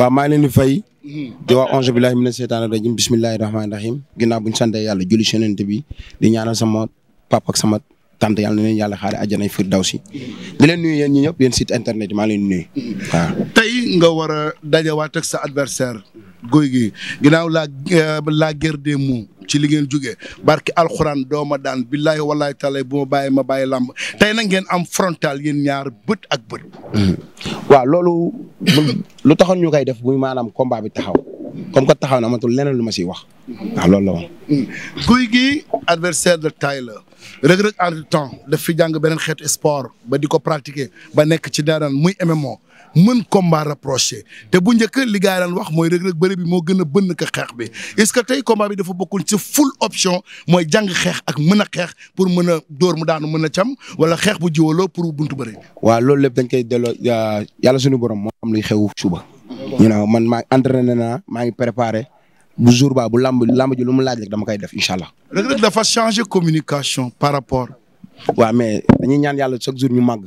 waaw maa ngi leen di fay mhm. di wax onze billahi mina seytaani rajim bismillahi rahmaani rahim ginnaaw buñ sante yàlla julli senente bi di ñaanal sama papa ak sama tante yàlla na leen yàlla xaare àjjana firdawsi di leen nuyu yéen ñi ñëpp yen site internet yi maa ngi leen nuyu mhm. tey nga war a dajawaat ak sa adversaire Gouye Gui ginnaaw la euh, laa guerre des mots ci li ngeen jógee barki alxuraan dooma daan billaahi wallaahi taala bu ma bàyyi ma bàyyi làmb tey na ngeen am frontal yéen ñaar bët ak bët. Hmm. waaw loolu lu taxoon ñu koy def muy maanaam combat bi taxaw comme que taxaw na amatul leneen lu ma siy wax waaw loolu la woon. Gouye hmm. Gui adversaire de taille la Reug Reug en temps daf fi jàng beneen xeet sport ba di ko pratiquer ba nekk ci daaraan muy MMO. mën combat rapproché te bu njëkk li daan wax mooy rëg-rëg bëri bi moo gën a bënn ka xeex bi est-ce que tey combat bi dafa bokkul ci full option mooy jàng xeex ak mën a xeex pour mën a dóor mu daanu mën a cam wala xeex bu jiwaloo pour bunt bëri. waa loolu lépp dañ koy delloo yàlla suñu borom moo xam luy xew suba. ñu naan man maa ne naa maa ngi préparé bu jour ba bu lamb lamb ji lu mu laaj rek dama koy def incha allah. rëg-rëg dafa changer communication par rapport. waaw mais dañuy ñaan yàlla chaque jour ñu màgg.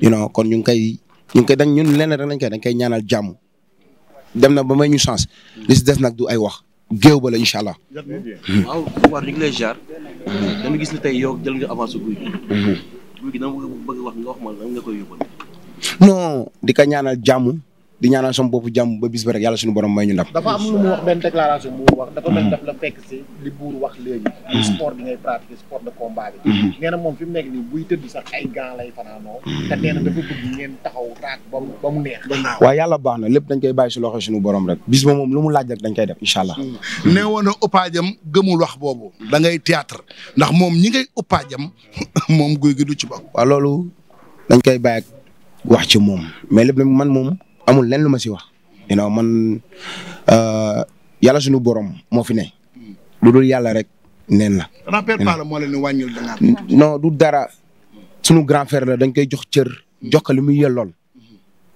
you kon ñu ngi koy ñu ngi koy dañ ñun lenn rek lañ koy dañ koy ñaanal jàmm dem na ba may ñu chance li si des nag du ay wax géew ba la incha allah. waaw Omar gis ne tey yow jël mhm. di ko ñaanal jàmm. di ñaana sama bopp jàmm ba bis ba rek yàlla suñu borom may ñu ndam. dafa am lu mu wax benn déclaration bu mu wax. dafa mel daf la fekk si li buur wax léegi. sport bi ngay pratiquer sport de combat bi. Mhm. moom fi mu nekk sax ay gants lay fanaanoo. Mhm. na dafa bëgg ngeen taxaw raak ba mu ba neex. waaw yàlla baax na lépp dañ koy bàyyi si loxo suñu borom rek. bis ba moom lu mu laaj rek dañ koy def incha allah. Mhm. nee woon na upaajam gëmul wax boobu. da ngay théâtre ndax moom ñi ngay upaajam moom guy gi du ci bokk. waaw loolu dañ koy bàyyi wax ci moom mais lépp man moom amul lenn lu ma si wax. you man man euh, yàlla suñu borom moo fi ne. lu dul yàlla rek neen la. rappel pas la moo leen wàññil danga non du dara suñu grand frère la dañ koy jox cër jox ko li muy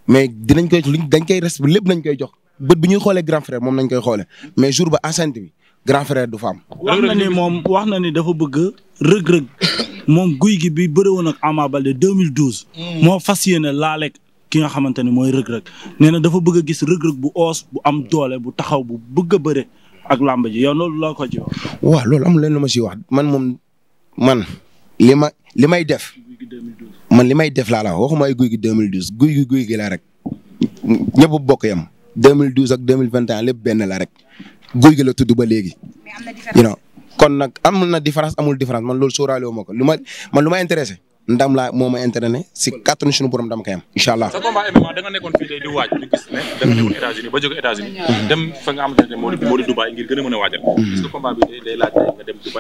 mais dinañ koy dañ koy res lépp nañ koy jox bët bu ñuy xoolee grand frère moom nañ koy xoolee mais jour ba enceinte bi grand frère du fa am. wax na moom wax na ni dafa bëgg rëg-rëg moom guy gi bi bëri woon ak Ama Baldé 2012. Mm. moo fas yéene laaleeg ki nga xamante ne mooy rëg-rëg nee na dafa bëgg gis rëg-rëg bu oos bu am doole bu taxaw bu bëgg a bëre ak làmb ji yow loolu loo ko ci wax. waaw loolu amul leen lu ma si wax man moom man li ma li may def man li may def laa la waxuma ay guy gi 2012 guy gi guy gi la rek ñëpp bokk yam 2012 ak 2021 lépp benn la rek guy gi la tudd ba léegi. you kon nag am na différence amul différence man loolu sóoraale wu ma ko lu ma man lu ma intéressé. ndam laa moo ma entraîné si kàttanu suñu borom dama koy am incha allah. sa unis ba jóge États-Unis mm-hmm. dem a a mm-hmm.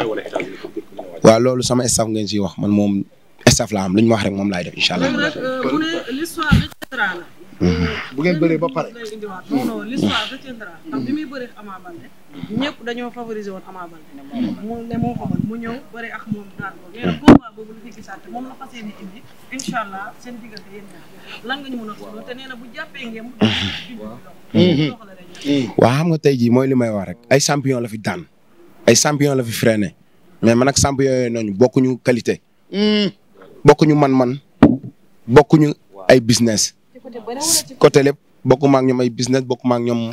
a waajal. waaw loolu sama staff ngeen si wax man moom staff laa am lu ma wax rek moom laay def incha allah. ñëpp dañoo favoriser woon Ama Baldé. mu ne moo ko mën mu ñëw bëri ak moom daan ko nee na combat boobu la fi gisaat moom la fas yéene indi incha allah seen diggante yéen ñaar lan nga ñu mën a wax te nee na bu jàppee ngeen mu. Mhm. Mhm. waaw xam nga tey jii mooy li may wax rek ay champion la fi daan ay champion la fi freiné mais man ak champion yooyu noonu bokkuñu qualité. Mhm. bokkuñu man-man bokkuñu ay business. côté lépp bokkuma ak ñoom ay business bokkuma ak ñoom.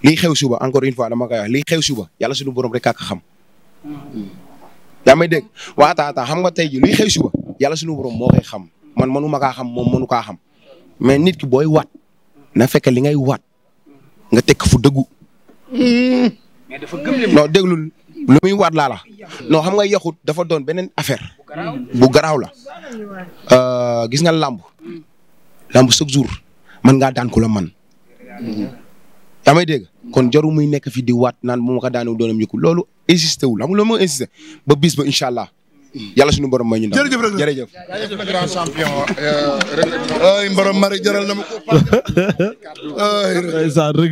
lii xew suba encore une fois dama koy wax lii xew suba yàlla suñu borom rek kàkk xam. yaa may dégg waaw taataa xam nga tey ji lii xew suba yàlla suñu borom moo koy xam man manu ma kaa xam moom mënu kaa xam mais nit ki booy waat na fekk li ngay waat nga tekk fu dëggu. mais dafa gëm li non déglul lu muy waat laa la xam nga yaxut dafa doon beneen affaire bu garaaw la euh, gis nga làmb làmb chaque jour mën ngaa daan ku man yaa may dégg kon jaru muy nekk fi di waat naan bu ma ko daanee doonam yëkku loolu insisté wul xam nga loolu ba bis ba incha allah yàlla suñu borom may ñu ndaw jërëjëf jërëjëf. jërëjëf euh, mari jaral na ma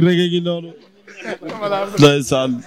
ko. ndeysaan